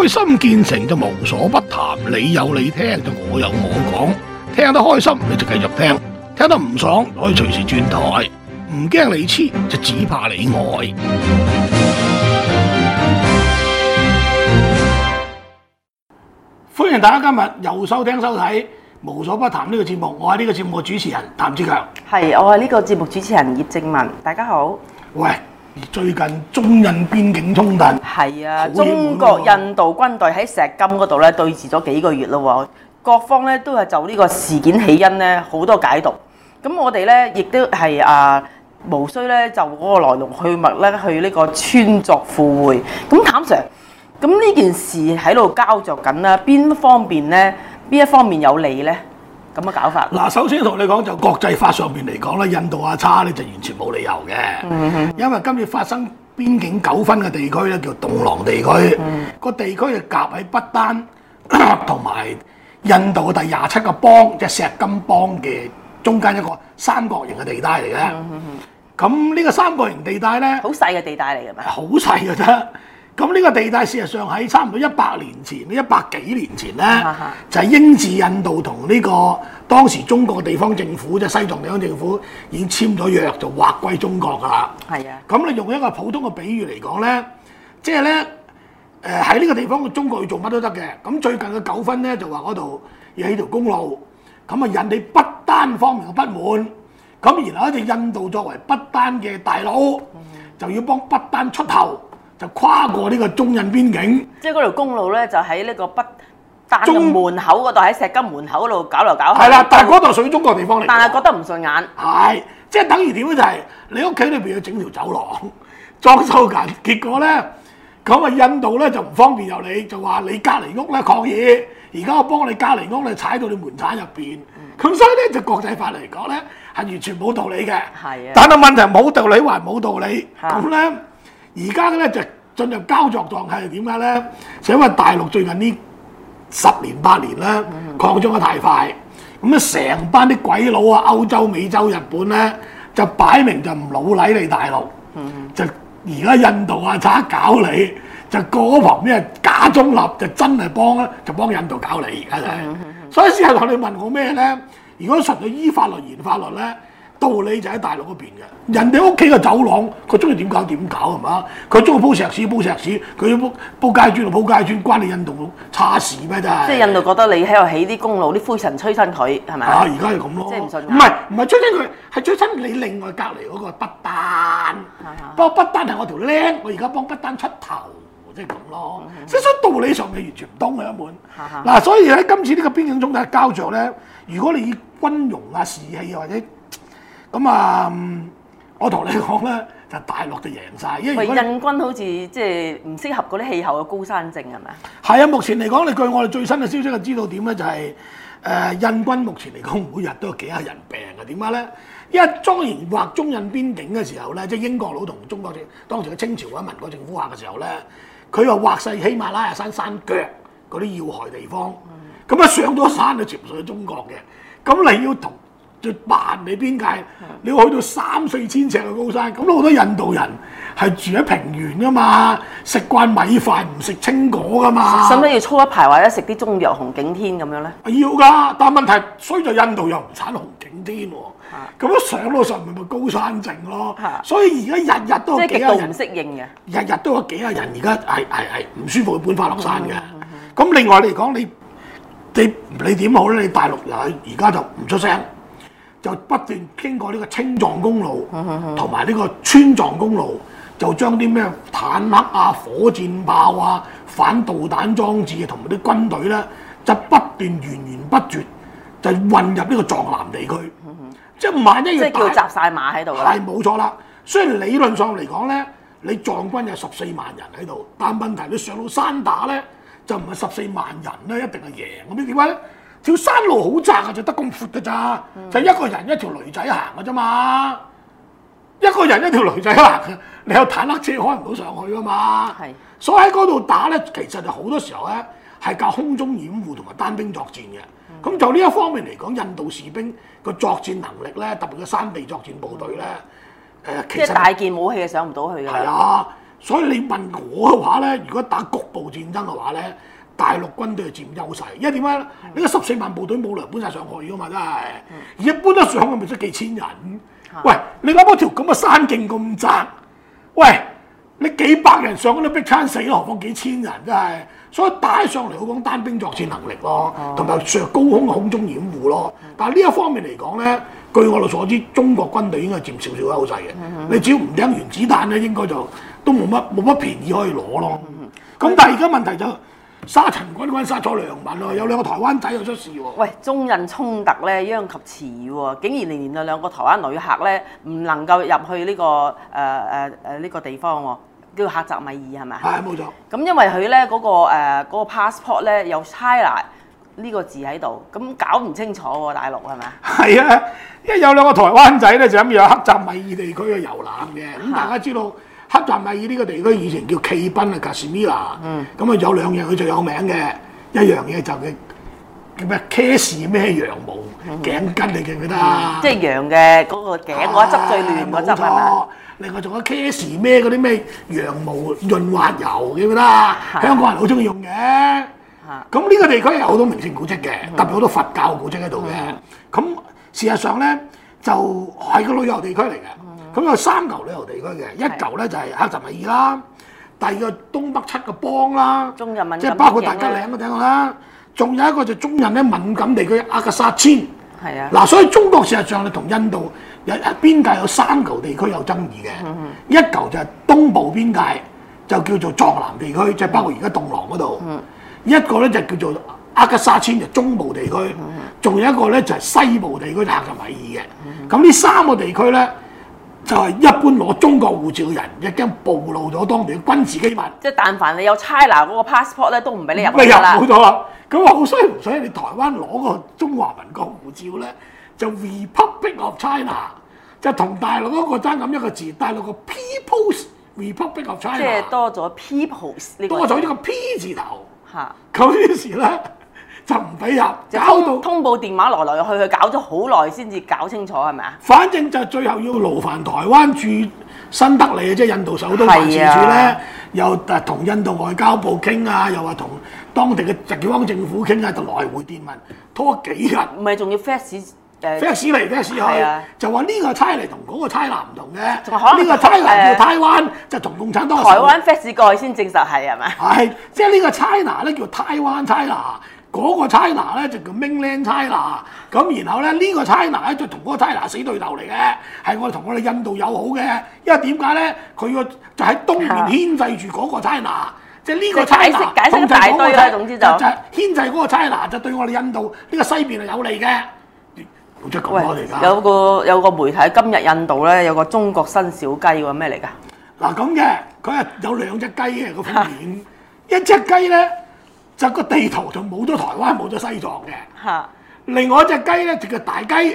開心建成就無所不談，你有你聽，就我有我講，聽得開心你就繼續聽，聽得唔爽可以隨時轉台，唔驚你黐，就只怕你呆。歡迎大家今日又收聽又收睇《無所不談》呢個節目，我係呢個節目嘅主持人譚志強，係我係呢個節目主持人葉正文。大家好。喂。而最近中印邊境衝突係啊，中國印度軍隊喺錫金嗰度咧對峙咗幾個月咯喎，各方咧都係就呢個事件起因咧好多解讀。咁我哋咧亦都係啊，無需咧就嗰個來龍去脈咧去呢個穿鑿附會。咁譚 Sir，咁呢件事喺度膠着緊啦，邊方面咧？邊一方面有利咧？咁嘅搞法。嗱，首先同你講就國際法上邊嚟講咧，印度阿叉咧就完全冇理由嘅。Mm hmm. 因為今次發生邊境糾紛嘅地區咧，叫洞朗地區。Mm hmm. 個地區係夾喺不丹同埋 印度嘅第廿七個邦，即係錫金邦嘅中間一個三角形嘅地帶嚟嘅。咁呢、mm hmm. 個三角形地帶咧，好細嘅地帶嚟嘅，咩？好細嘅啫。咁呢個地帶事實上喺差唔多一百年前，一百幾年前呢， 就係英治印度同呢、這個當時中國嘅地方政府，即係西藏地方政府，已經簽咗約，就劃歸中國噶啦。係啊。咁 你用一個普通嘅比喻嚟講呢，即係呢，喺、呃、呢個地方，我中國要做乜都得嘅。咁最近嘅糾紛呢，就話嗰度要起條公路，咁啊引起不丹方面嘅不滿，咁然後咧印度作為不丹嘅大佬， 就要幫不丹出頭。就跨過呢個中印邊境，即係嗰條公路咧，就喺呢個不丹門口嗰度，喺錫金門口嗰度搞嚟搞去。係啦，但係嗰度屬於中國地方嚟，但係覺得唔順眼。係，即係等於點咧？就係你屋企裏邊要整條走廊裝修緊，結果咧咁啊，印度咧就唔方便由你，就話你隔籬屋咧抗議，而家我幫你隔籬屋，你踩到你門產入邊，咁所以咧就國際法嚟講咧係完全冇道理嘅。係啊，但係問題冇道理還冇道理咁咧。而家咧就進入膠著狀態，點解咧？就是、因為大陸最近呢十年八年咧擴張得太快，咁咧成班啲鬼佬啊、歐洲、美洲、日本咧，就擺明就唔老禮你大陸，就而家印度啊，差搞你，就過咗旁邊假中立，就真係幫咧，就幫印度搞你。是是所以先頭你問我咩咧？如果純粹依法律言法律咧？道理就喺大陸嗰邊嘅，人哋屋企嘅走廊，佢中意點搞點搞係嘛？佢中意鋪石屎鋪石屎，佢要鋪鋪街磚就鋪街磚，關你印度差事咩真係？即係印度覺得你喺度起啲公路，啲灰塵吹身佢係咪？啊！而家係咁咯，唔係唔係吹身佢，係吹身你另外隔離嗰個不丹。不過不丹係我條僆，我而家幫不丹出頭，即係咁咯。是啊、所以道理上嘅完全唔通嘅一本。嗱，所以喺今次呢個邊境總體膠着咧，如果你以軍容啊士氣又或者，咁啊、嗯，我同你講咧，就大陸就贏晒。因為印軍好似即係唔適合嗰啲氣候嘅高山症係咪啊？係啊，目前嚟講，你據我哋最新嘅消息就知道點咧，就係、是、誒、呃、印軍目前嚟講，每日都有幾廿人病啊。點解咧？因為莊嚴劃中印邊境嘅時候咧，即係英國佬同中國政當時嘅清朝或者民國政府劃嘅時候咧，佢又劃晒喜馬拉雅山山，山腳嗰啲要害地方，咁啊、嗯、上山到山就潛水中國嘅，咁你要同。最難你邊界，你要去到三四千尺嘅高山，咁好多印度人係住喺平原㗎嘛，食慣米飯唔食青果㗎嘛。使唔使要粗一排或者食啲中藥紅景天咁樣咧？要㗎，但問題衰咗印度又唔產紅景天喎。咁一上到上面咪高山症咯。所以而家日日都有幾廿人唔適應嘅。日日都有幾廿人而家係係係唔舒服嘅。搬返落山嘅。咁另外嚟講，你你你點好咧？你大陸又而家就唔出聲。就不斷經過呢個青藏公路同埋呢個川藏公路，就將啲咩坦克啊、火箭炮啊、反導彈裝置嘅同埋啲軍隊咧，就不斷源源不絕就混入呢個藏南地區。嗯嗯，即係萬一要打，即係叫集晒馬喺度啦。係冇錯啦。雖然理論上嚟講咧，你藏軍有十四萬人喺度，但問題你上到山打咧，就唔係十四萬人咧，一定係贏，咁點解咧？條山路好窄啊，嗯、就得咁闊㗎咋，就一個人一條女仔行嘅啫嘛，一個人一條女仔行，你有坦克車開唔到上去啊嘛，是所以喺嗰度打咧，其實係好多時候咧係靠空中掩護同埋單兵作戰嘅，咁、嗯、就呢一方面嚟講，印度士兵個作戰能力咧，特別係山地作戰部隊咧，誒、嗯、其實即係大件武器上唔到去嘅。係啊，所以你問我嘅話咧，如果打局部戰爭嘅話咧。大陸軍隊佔優勢，因為點啊？你個十四萬部隊冇糧本曬上去噶嘛，真係。而一般都上嘅咪得幾千人。喂，你諗下，咁嘅山徑咁窄，喂，你幾百人上都逼親死，何況幾千人？真係。所以打起上嚟，我講單兵作戰能力咯，同埋上高空，空空中掩護咯。但係呢一方面嚟講咧，據我哋所知，中國軍隊應該係佔少少優勢嘅。你只要唔扔原子彈咧，應該就都冇乜冇乜便宜可以攞咯。咁但係而家問題就。沙塵滾滾殺咗良民喎，有兩個台灣仔又出事喎。喂，中印衝突咧殃及池魚喎，竟然連連啊兩個台灣旅客咧唔能夠入去呢、呢個誒誒誒呢個地方喎，叫克什米爾係咪啊？係冇錯。咁因為佢咧嗰個誒嗰個 passport 咧有 China 呢個字喺度，咁搞唔清楚喎，大陸係咪啊？係啊，因為有兩個台灣仔咧就諗住克什米爾地區遊覽嘅，咁大家知道。啊喀什米爾呢個地區以前叫奇賓啊，喀什米拉，咁啊有兩樣佢最有名嘅，一樣嘢就叫叫咩 Cash 咩羊毛頸巾你記唔記得、嗯就是、啊？即係羊嘅嗰個頸嗰一執最亂嗰執係嘛？另外仲有 Cash 咩嗰啲咩羊毛潤滑油，記唔記得？嗯、香港人好中意用嘅。咁呢、嗯、個地區有好多名勝古蹟嘅，特別好多佛教古蹟喺度嘅。咁、嗯嗯、事實上咧，就喺、是、個旅遊地區嚟嘅。咁有三嚿旅遊地區嘅，一嚿咧就係克什米爾啦，第二個東北七個邦啦，即係包括大吉嶺都聽過啦，仲有一個就中印咧敏感地區阿克沙千，嗱，所以中國事實上咧同印度有邊界有三嚿地區有爭議嘅，一嚿就係東部邊界就叫做藏南地區，即係包括而家洞朗嗰度，一個咧就叫做阿克沙千就中部地區，仲有一個咧就係西部地區就克什米爾嘅，咁呢三個地區咧。就係一般攞中國護照嘅人，已經暴露咗當地嘅軍事機密。即係但凡你有 China 嗰個 passport 咧，都唔俾你入。唔係入好多啦。咁所以所以你台灣攞個中華民國護照咧，就 Republic of China，就同大陸嗰、嗰個爭咁一個字，大陸個 People's Republic of China 即。即係多咗 People，多咗一個 P 字頭。嚇哈！咁於是咧。就唔俾入，搞到通，通報電話來來去去，搞咗好耐先至搞清楚係咪啊？反正就最後要勞煩台灣駐新德里啊，即係印度首都辦事處咧，是啊、又誒同印度外交部傾啊，又話同當地嘅地方政府傾啊，就來回電文拖幾日。唔係仲要 fax 誒 fax 嚟 fax 去，是啊、就話呢個 China 同嗰個 China 唔同嘅，呢個 China 叫 Taiwan 就同共產黨事、哎。台灣 fax 過去先證實係係咪？係即係呢個 China 咧叫台灣 China 嗰個 China 咧就叫 Mainland China 咁然後咧呢個 China 咧就同嗰個 China 死對頭嚟嘅，係我哋同我哋印度友好嘅，因為點解咧？佢個就喺東面牽制住嗰個 China、啊。即係呢個 China 同曬嗰個 China，總之就,是、就牽制嗰個 China，就對我哋印度呢個西邊係有利嘅。冇出咁我嚟㗎。有個有個媒體今日印度咧有個中國新小雞喎咩嚟㗎？嗱咁嘅，佢係、啊、有兩隻雞嘅個封面，啊、一隻雞咧。就個地圖就冇咗台灣，冇咗西藏嘅。另外隻雞咧就叫大雞，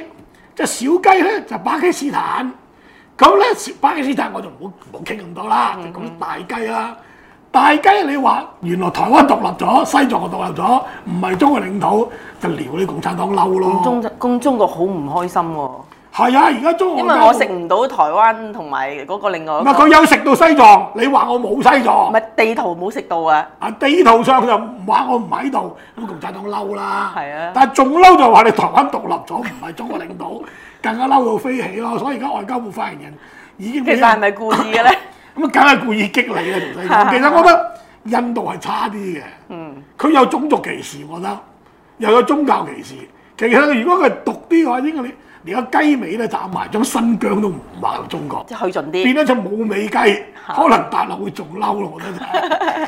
隻小雞咧就巴基斯坦。咁咧巴基斯坦我就冇冇傾咁多啦。咁大雞啦、啊，嗯嗯大雞，你話原來台灣獨立咗，西藏又獨立咗，唔係中國領土，就撩你共產黨嬲咯中。中共中國好唔開心喎、哦。係啊，而家中國因為我食唔到台灣同埋嗰個另外個，唔係佢有食到西藏，你話我冇西藏？唔係地圖冇食到啊！啊地圖上佢就話我唔喺度，咁共產黨嬲啦。係啊的，但係仲嬲就話你台灣獨立咗，唔係中國領土， 更加嬲到飛起咯。所以而家外交部發言人已經其實係咪故意嘅咧？咁啊，梗係故意激你啦，同西藏。 其實我覺得印度係差啲嘅，嗯，佢有種族歧視，我覺得又有宗教歧視。其實如果佢毒啲嘅話，應該你。而家雞尾咧斬埋，咗新疆都唔話中國，即係去盡啲，變咗隻冇尾雞，可能大陸會仲嬲咯，我覺得。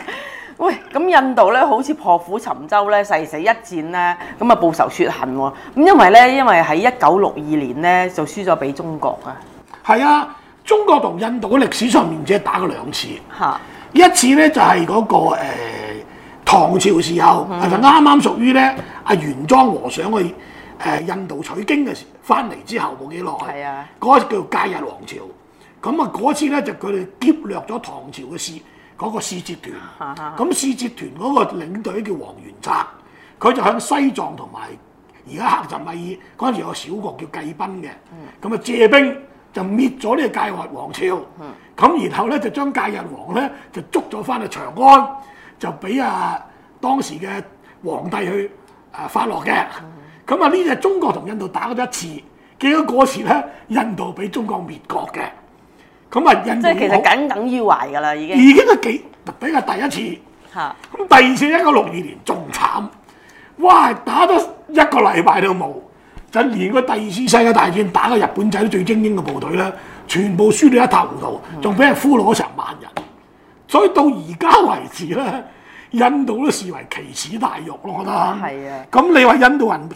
喂，咁印度咧好似破釜沉舟咧，誓死一戰咧，咁啊報仇雪恨喎。咁因為咧，因為喺一九六二年咧就輸咗俾中國啊。係啊，中國同印度嘅歷史上面只係打過兩次。嚇、啊，一次咧就係嗰、那個、欸、唐朝時候，嗯、哼就啱啱屬於咧阿玄奘和尚去？誒 印度取經嘅時，翻嚟之後冇幾耐，嗰的叫戒日王朝。咁啊，嗰次咧就佢哋劫掠咗唐朝嘅使嗰個使節團。咁使 節團嗰個領隊叫王玄策，佢就向西藏同埋而家克什米爾嗰陣時有個小國叫罽賓嘅，咁啊借兵就滅咗呢個戒日王朝。咁然後咧就將戒日王咧就捉咗翻去長安，就俾啊當時嘅皇帝去啊發落嘅。咁啊！呢隻中國同印度打咗一次，記得嗰時咧，印度俾中國滅國嘅。咁啊，即係其實僅等於懷噶啦，已經已經都幾比較第一次。嚇！咁第二次一九六二年仲慘，哇！打咗一個禮拜都冇，就連個第二次世界大戰打個日本仔最精英嘅部隊咧，全部輸到一塌糊塗，仲俾人俘虜咗成萬人。所以到而家為止咧，印度都視為奇恥大辱咯，我覺得。係啊的。咁你話印度人？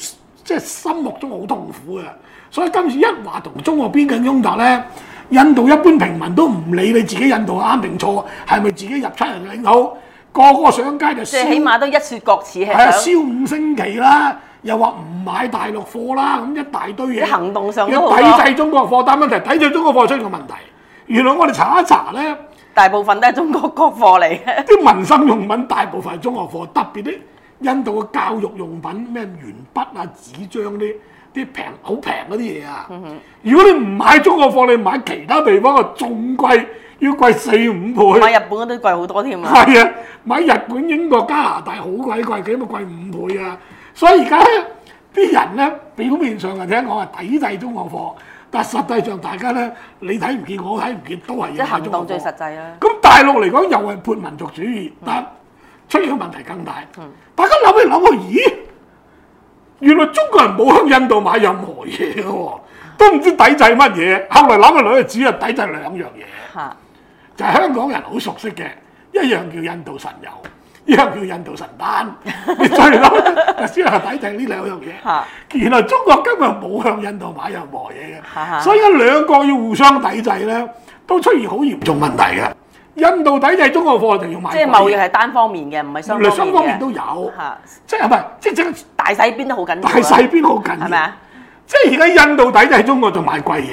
即係心目中好痛苦啊。所以今次一話同中國邊境衝突咧，印度一般平民都唔理你自己印度啱定錯，係、啊、咪自己入出人領土，個個上街就即係起碼都一雪國恥係，燒、啊、五星旗啦，又話唔買大陸貨啦，咁一大堆嘢行動上要抵制中國貨，但問題抵制中國貨出現個問題，原來我哋查一查咧，大部分都係中國國貨嚟嘅，啲 民生用品大部分係中國貨，特別啲。印度嘅教育用品咩鉛筆啊、紙張啲啲平好平嗰啲嘢啊，如果你唔買中國貨，你買其他地方嘅仲貴，要貴四五倍。買日本嗰啲貴好多添啊！係啊，買日本、英國、加拿大好鬼貴，幾冇貴五倍啊！所以而家啲人咧，表面上嚟聽講係抵制中國貨，但實際上大家咧，你睇唔見我睇唔見，都係買中國貨。即行動最實際啦。咁大陸嚟講又係闖民族主義。出現問題更大，大家諗一諗個咦，原來中國人冇向印度買任何嘢嘅，都唔知抵制乜嘢。後來諗嘅女只係抵制兩樣嘢，就係、是、香港人好熟悉嘅一樣叫印度神油，一樣叫印度神丹。你再諗就只係抵制呢兩樣嘢。原來中國根本冇向印度買任何嘢嘅，所以兩個要互相抵制咧，都出現好嚴重問題嘅。印度抵制中國貨，我哋要買。即係貿易係單方面嘅，唔係雙方面。兩雙方面都有，的即係唔係即係大細邊都好緊要。大細邊好緊要。係咪啊？即係而家印度抵制中國就買貴嘢，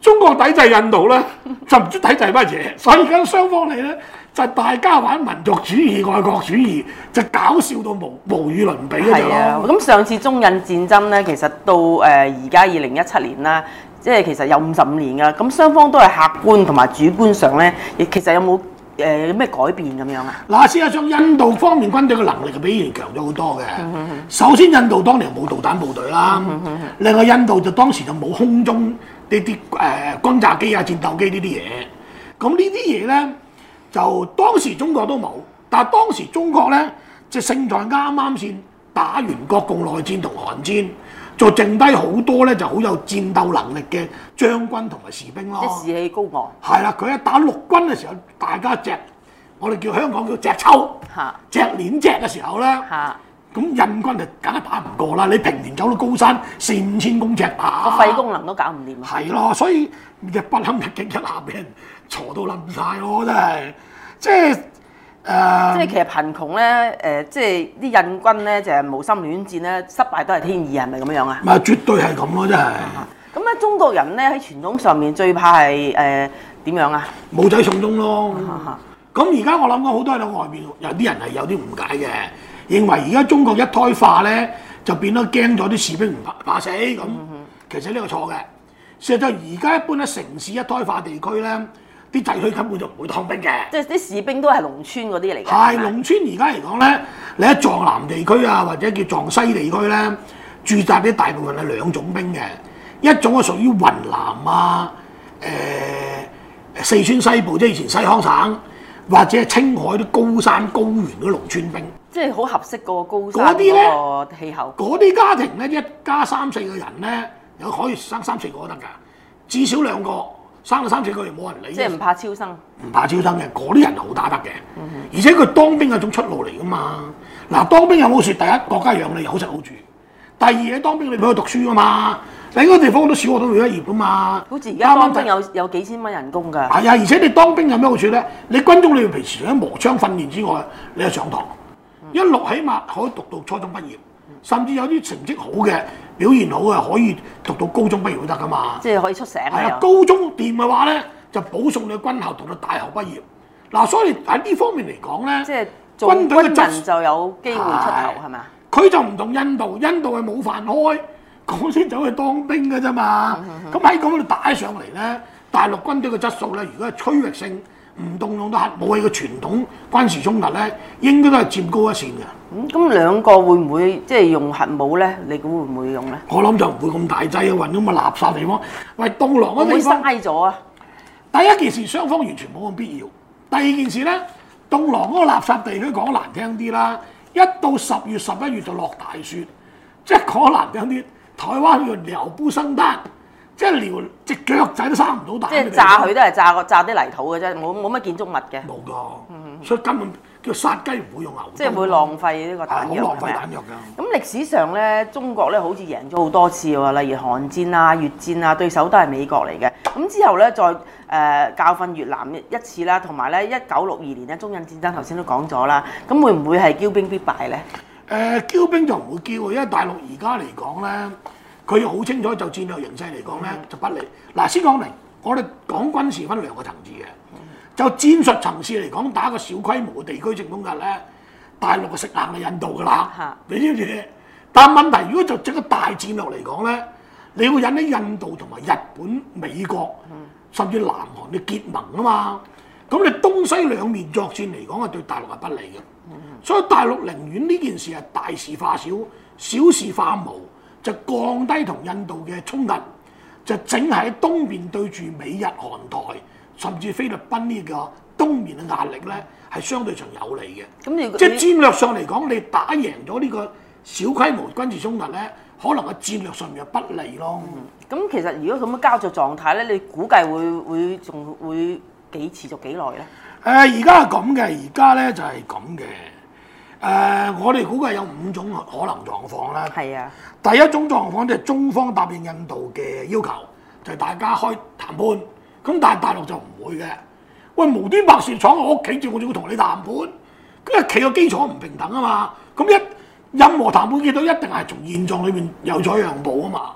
中國抵制印度咧就唔知抵制乜嘢。所以而家雙方嚟咧，就大家玩民族主義、愛國主義，就搞笑到無無與倫比嘅。係啊的，咁上次中印戰爭咧，其實到誒而家二零一七年啦。即係其實有五十五年噶，咁雙方都係客觀同埋主觀上咧，亦其實有冇誒有咩、呃、改變咁樣啊？嗱，事實上印度方面軍隊嘅能力就比以前強咗好多嘅。 首先，印度當年冇導彈部隊啦， 另外印度就當時就冇空中呢啲誒轟炸機啊、戰鬥機呢啲嘢。咁呢啲嘢咧，就當時中國都冇，但係當時中國咧，即係勝在啱啱先打完國共內戰同韓戰。就剩低好多咧，就好有戰鬥能力嘅將軍同埋士兵咯。即士氣高昂。係啦，佢一打陸軍嘅時候，大家隻我哋叫香港叫隻抽，隻鏈隻嘅時候咧，咁印軍就梗係打唔過啦。你平年走到高山四五千公尺打，個肺功能都搞唔掂啊。係咯，所以日不堪一擊一下俾人挫到冧晒咯，真係即。嗯、即係其實貧窮咧，誒、呃，即係啲印軍咧就係無心戀戰咧，失敗都係天意，係咪咁樣啊？唔係，絕對係咁咯，真係。咁咧，中國人咧喺傳統上面最怕係誒點樣啊？冇仔、嗯嗯嗯、送終咯。咁而家我諗過好多人喺外邊，有啲人係有啲誤解嘅，認為而家中國一胎化咧，就變得驚咗啲士兵唔怕怕死咁。其實呢個錯嘅，事實就係而家一般喺城市一胎化地區咧。啲地區根本就唔會當兵嘅，即係啲士兵都係農村嗰啲嚟嘅。係嗎農村而家嚟講咧，你喺藏南地區啊，或者叫藏西地區咧，駐紮啲大部分係兩種兵嘅，一種係屬於雲南啊、誒、呃、四川西部即係以前西康省，或者係青海啲高山高原嗰啲農村兵，即係好合適嗰個高山嗰個氣候。嗰啲家庭咧，一家三四個人咧，有可以生三四個得㗎，至少兩個。生咗三四個月冇人理，即係唔怕超生。唔怕超生嘅，嗰啲人好打得嘅，嗯、哼而且佢當兵係種出路嚟噶嘛。嗱，當兵有冇好處？第一，國家養你，好食好住；第二，嘢當兵你唔去讀書噶嘛。你嗰個地方都小學都未畢業噶嘛。好似而家當兵有有幾千蚊人工㗎。係啊、嗯，而且你當兵有咩好處咧？你軍中你要平時除咗磨槍訓練之外，你又上堂，嗯、一六起碼可以讀到初中畢業。甚至有啲成績好嘅表現好嘅，可以讀到高中畢業都得噶嘛。即係可以出社。係啊，高中掂嘅話咧，就保送你軍校讀到大學畢業。嗱，所以喺呢方面嚟講咧，軍隊嘅人就有機會出頭係嘛？佢就唔同印度，印度係冇飯開，講先走去當兵嘅啫嘛。咁喺咁度擺上嚟咧，大陸軍隊嘅質素咧，如果係趨勢性。唔動用到核武嘅傳統軍事衝突咧，應該都係佔高一線嘅。咁兩個會唔會即係用核武咧？你估會唔會用咧？我諗就唔會咁大劑啊！運咁嘅垃圾地方，喂，洞朗嗰啲會嘥咗啊！第一件事，雙方完全冇咁必要。第二件事咧，洞朗嗰個垃圾地都講難聽啲啦，一到十月十一月就落大雪，即係講難聽啲，台灣叫撩布生得。即係撩隻腳仔都生唔到蛋。即係炸佢都係炸個炸啲泥土嘅啫，冇冇乜建築物嘅的。冇㗎、嗯，所以根本叫殺雞唔會用牛。即係會浪費呢個彈藥啊！好浪費彈藥㗎。咁嗎歷史上咧，中國咧好似贏咗好多次喎，例如韓戰啊、越戰啊，對手都係美國嚟嘅。咁之後咧，再誒、呃、教訓越南一次啦，同埋咧一九六二年咧中印戰爭，頭先都講咗啦。咁會唔會係驕兵必敗咧？誒、呃，驕兵就唔會驕，因為大陸而家嚟講咧。佢好清楚，就戰略形勢嚟講咧、嗯、就不利。嗱，先講明，我哋講軍事分兩個層次嘅。就戰術層次嚟講，打一個小規模地區進攻格咧，大陸嘅食硬係印度噶啦。你知唔知？但問題如果就整個大戰略嚟講咧，你要引起印度同埋日本、美國，甚至南韓嘅結盟啊嘛。咁你東西兩面作戰嚟講，係對大陸係不利嘅。嗯、所以大陸寧願呢件事係大事化小，小事化無。就降低同印度嘅衝突，就整喺東面對住美日韓台甚至菲律賓呢個東面嘅壓力咧，係相對上有利嘅。咁你即戰略上嚟講，你打贏咗呢個小規模軍事衝突咧，可能喺戰略上面又不利咯。咁、嗯、其實如果咁嘅膠著狀態咧，你估計會會仲會幾持續幾耐咧？誒、呃，而家係咁嘅，而家咧就係咁嘅。誒，uh, 我哋估計有五種可能狀況啦。係啊，第一種狀況就係中方答應印度嘅要求，就係、大家開談判。咁但係大陸就唔會嘅。喂，無端白事闖我屋企住，我仲要同你談判？一企個基礎唔平等啊嘛。咁一任何談判結果一定係從現狀裏邊有咗讓步啊嘛。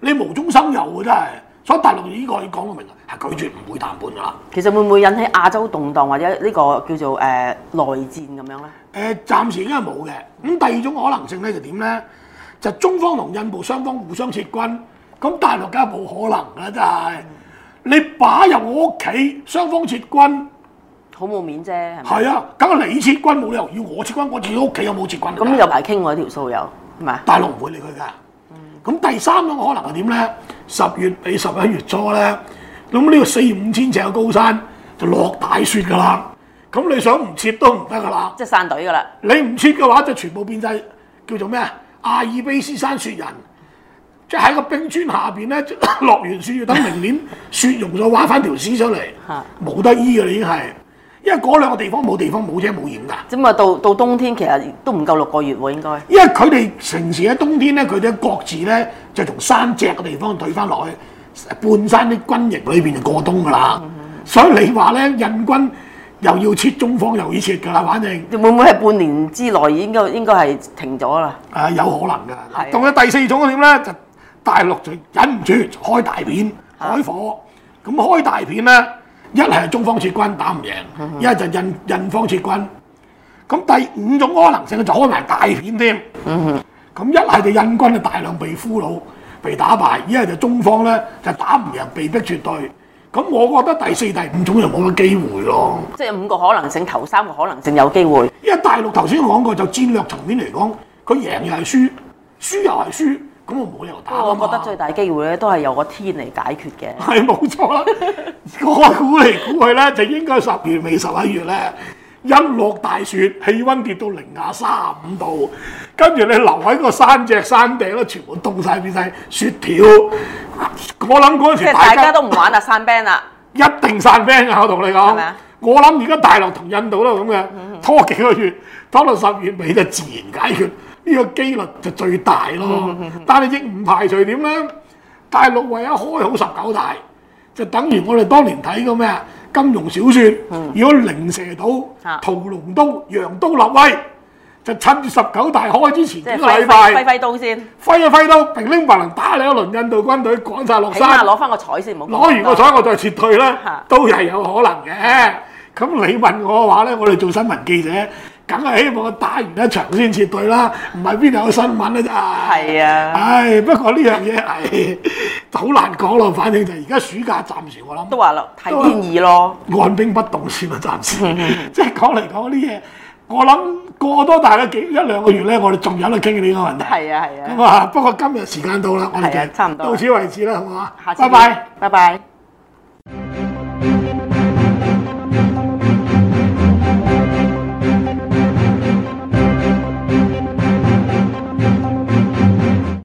你無中生有嘅真係。所以大陸呢個要講到明，係拒絕唔會談判噶啦。其實會唔會引起亞洲動盪或者呢個叫做誒、呃、內戰咁樣咧？誒、呃，暫時應該冇嘅。咁第二種可能性咧就點咧？就中方同印度雙方互相撤軍。咁大陸梗係冇可能啦，真係。你擺入我屋企，雙方撤軍，好冇面啫，係咪？係啊，梗係你撤軍冇理由要我撤軍，我自己屋企有冇撤軍？咁又排傾我條數又係嘛？嗯嗯嗯、大陸唔會理佢噶。咁第三種可能係點咧？十月比十一月初咧，咁呢個四五千尺嘅高山就落大雪㗎啦。咁你想唔撤都唔得㗎啦。即係散隊㗎啦。你唔撤嘅話，就全部變曬叫做咩啊？阿爾卑斯山雪人，即係喺個冰川下邊咧， 落完雪要等明年雪融咗，挖翻條屍出嚟，冇得醫㗎啦，你已經係。因為嗰兩個地方冇地方冇遮冇掩㗎，咁啊到到冬天其實都唔夠六個月喎，應該。因為佢哋成時喺冬天咧，佢哋各自咧就從山脊嘅地方退翻落去半山啲軍營裏邊就過冬㗎啦。嗯嗯，所以你話咧，印軍又要撤，中方又要撤㗎啦，反正會唔會係半年之內應該應該係停咗啦？啊，有可能㗎。仲有第四種點咧，就大陸就忍唔住開大片開火，咁、啊、開大片咧。一係中方撤軍打唔贏，一係就印印方撤軍。咁第五種可能性就可能係大片添。咁 一係就印軍大量被俘虜、被打敗，一係就中方咧就打唔贏、被逼撤退。咁我覺得第四、第五種就冇乜機會咯。即係五個可能性，頭三個可能性有機會。因為大陸頭先講過，就戰略層面嚟講，佢贏又係輸，輸又係輸。咁我冇理由打，我覺得最大機會咧，都係由個天嚟解決嘅。係冇錯啦， 我估嚟估去咧，就應該十月尾十一月咧，一落大雪，氣温跌到零下三五度，跟住你留喺個山脊山頂咧，全部凍曬變曬雪條。 我諗嗰時大家，即係大家都唔玩啦，散 band 啦！一定散 band 啊！我同你講，嗎我諗而家大陸同印度都咁嘅，拖幾個月，拖到十月尾就自然解決。呢個機率就最大咯，但係亦唔排除點咧？大陸為咗開好十九大，就等於我哋當年睇過咩金庸小説，如果靈蛇島屠龍刀、揚刀立威，就趁住十九大開之前啲禮拜，揮一揮刀先，揮一揮刀，平平白白打你一輪印度軍隊，趕晒落山，攞翻個彩先，冇攞完個彩我再撤退啦，都係有可能嘅。咁你問我嘅話咧，我哋做新聞記者。梗係希望我打完一場先撤退啦，唔係邊度有新聞啊？咋？係啊，唉，不過呢樣嘢係好難講咯。反正就而家暑假暫時我諗都話咯，睇天意咯，按兵不動先啊，暫時。即係講嚟講呢嘢，我諗過多大嘅幾一兩個月咧，我哋仲有得傾呢個問題。係啊係啊。咁啊，不過今日時間到啦，我哋、啊、到此為止啦，好唔好啊？下次拜拜，拜拜。